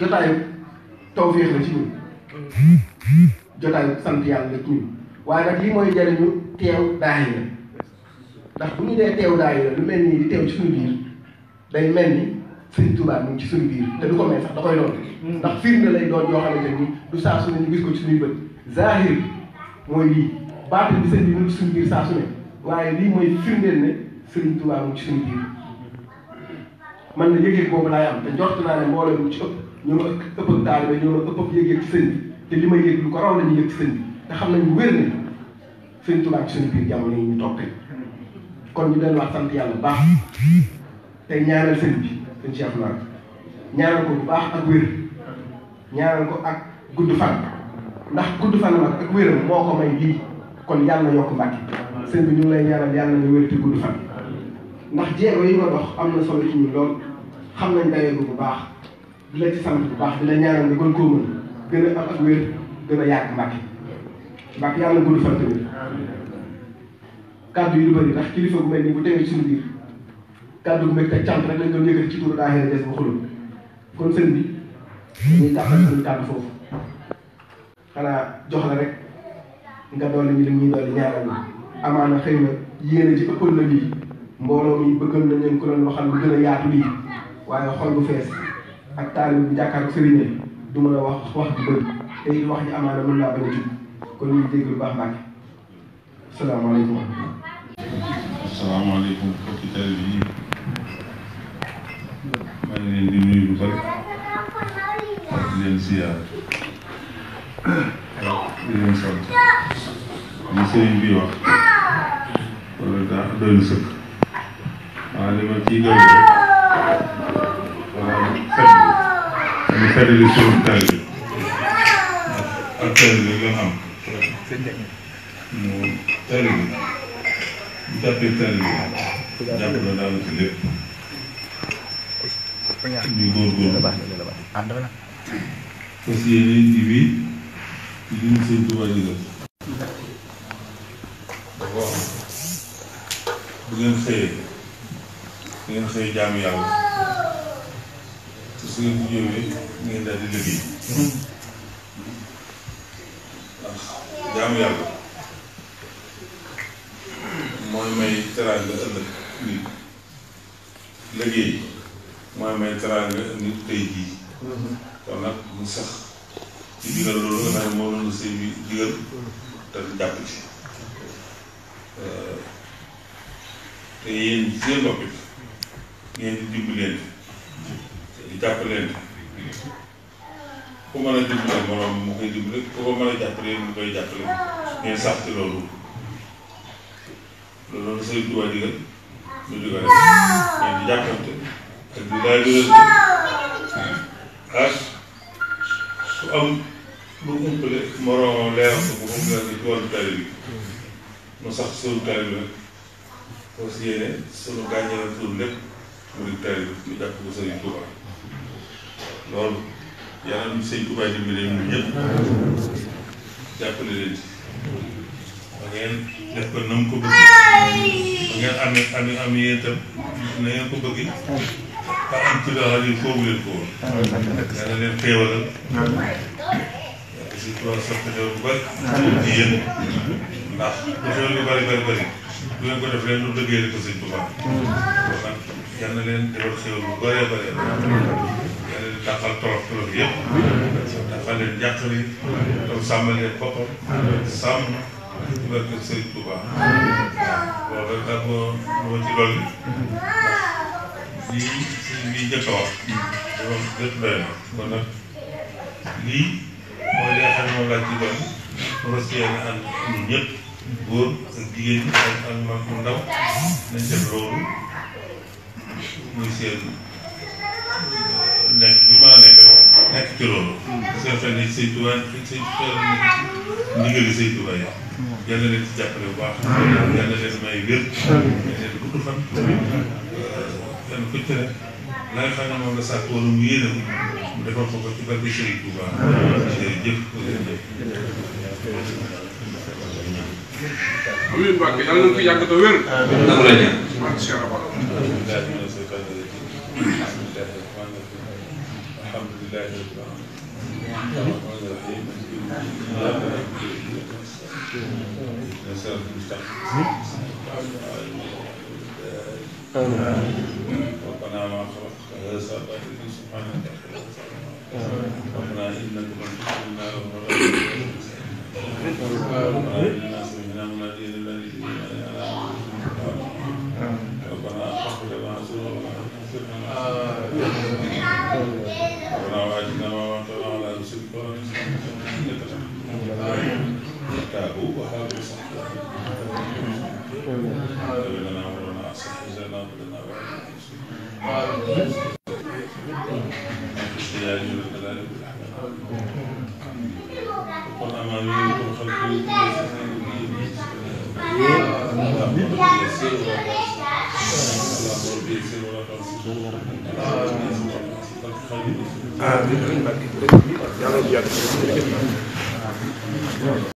jotaayu tawféex la ci ñun jotaayu sant yàlla la ci ñun waaye nag lii mooy jariñu teew daayira ndax bu ñu dee teew daayira lu mel nii di teew ci suñu biir day mel ni Sëriñ Tuubaa mu ngi ci suñu biir te du ko may sax da koy doon ndax firnde lay doon yoo xamante ni du saa su ne ñu gis ko ci suñuy bët zahir mooy lii baatin bi sëñ bi mu ci suñu biir saa su ne waaye lii mooy firndeel ne Sëriñ Tuubaa mu ngi ci suñu biir man na yëgee boobu laay am te njort naa ne mbooloo mu ci ëpp ñoo ma ëpp ak taalibe ñoo ma ëpp ak yëg-yëg ci sëñ bi te li ma yëg lu ko raw la ñu yëg ci sëñ bi te xam nañu wér ne sëñ Tuubaa ci suñu biir jamono yi ñu toog tey kon ñu delluwaat sant yàlla bu baax tey ñaanal sëñ bi sëñ Cheikh Naar ñaanal ko bu baax ak wér ñaanal ko ak gudd fan ndax gudd fan nag ak wéram moo ko may lii kon yàlla yokk mbàkki sëñ bi ñu ngi lay ñaanal yàlla nga wér te gudd fan ndax jéego yi nga dox am na solo ci ñun lool xam nañ dayeeku bu baax. di la ci sant bu baax di la ñaanal nga gën koo mën gën a am ak gën a yàgg Mbàkke Mbàkke yàlla na gudd fan tamit kàddu yi du bëri ndax kilifa bu ni bu tegee ci suñu biir kàddu bu mel te cant rek lañ doon yëkkati ci turu daahira Jazbul Xulub kon sëñ bi dañuy tàmbali suñu kàddu foofu xanaa jox la rek nga dolli ñu li ñuy dolli ñaanal amaana xëy na yéene ci ëppal na lii mbooloo mi bëggal nañ leen ku leen waxal lu gën a yaatu lii waaye xol bu fees ak taalib bi jàkkaarloog sëriñ du mën a wax wax ju bëri te it wax ji amaana mën naa bañ a jub kon ñu dégg lu baax a baax salaamaaleykum. salaamaaleykum mbokki taalib yi maa ngi leen di nuyu bu bëri ak di leen siyaar di leen sant li sëriñ bi wax wala daa doy sëkk waaw li ma ciy gën feddali suñu taalibe ak taalibe bi nga am mu taalibe mu jàppee taalibe jàpp la daal ci lépp ñu góorgóorlu parce que yéen ji bi li ñu seen tubaab yi dafa wax bu ngeen xëyee bu ngeen xëyee jaamu yàlla su ngeen ko ngeen daal di liggéey ndax jaamu yàlla mooy may teraanga ëllëg nit mooy may teraanga nit tey jii kon nag mu sax ci digal loolu nga xam ne moom la sëñ bi digal te jàpp ci te yéen seen bopp ngeen di dimbaleen di jàppalante ku mën a dimbale morom mu koy dimbale ku ko mën a jàppale mu koy jàppale ngeen sax ci loolu loolu sëñ bi waa digal ñu digal rek ngeen di jàppante ak di daal di ak su am lu umpale moromam leeral ko bu umpale ci wàllu tali bi mu sax suñu tali bi nag aussi yéene sunu gàññeelam tur lépp. murid taalibe ñu jàpp ko sëriñ Touba loolu yàlla nañu sëriñ Touba dimbale ñun ñëpp jàppale leen ci ba ngeen def ko na mu ko bëgg ba ngeen amee amee amee yéen itam na ngeen ko bëgg ba am ci loo xam ne foofu leen ko woon yàlla leen bu bari di yéen ndax xéewal yu bari bari bari du leen ko def leen lu dëggee ko yal na leen defal xéwal bu bëree bëri yal na leen dàqal torof torof yëpp dàqal leen njàqare tam sàmmal leen boppam sàmm ci barke Sëriñ Touba waaw rek daa ko ma ci dolli lii sëñ bi njëkk a wax dafa lépp doy na kon nag lii mooy li nga xam ne moom laa ci dolli fas yéene ànd ñun ñëpp góor ak jigéen ñi ak mag mu ndaw nañ def loolu muy seen nekk bi ma nekk nekk ci loolu. seen xel yi sëñ Tuubaa sëñ ndigali sëñ Tuubaa yi yal na leen ci jàppale bu baax. yal na leen may wér. yal na leen gudd fan. kenn ku ci ne la nga xam ne moom la sàkk wala mu yéene mu defal ko ko ci barke Sëriñ Tuubaa. jërëjëf jërëjëf. amiin Mbacke yàlla na fi yàgg te wér. amiin la ñaan. ربنا ما خلقت هذا باطلا سبحانك ربنا انك من تحب النار الذين ربنا اغفر لنا ذنوبنا ربنا واجعلنا وانتنا على رسلك تابوا وهابوا صحبه لنا امرنا اصلح لنا امرنا وعلى Amin.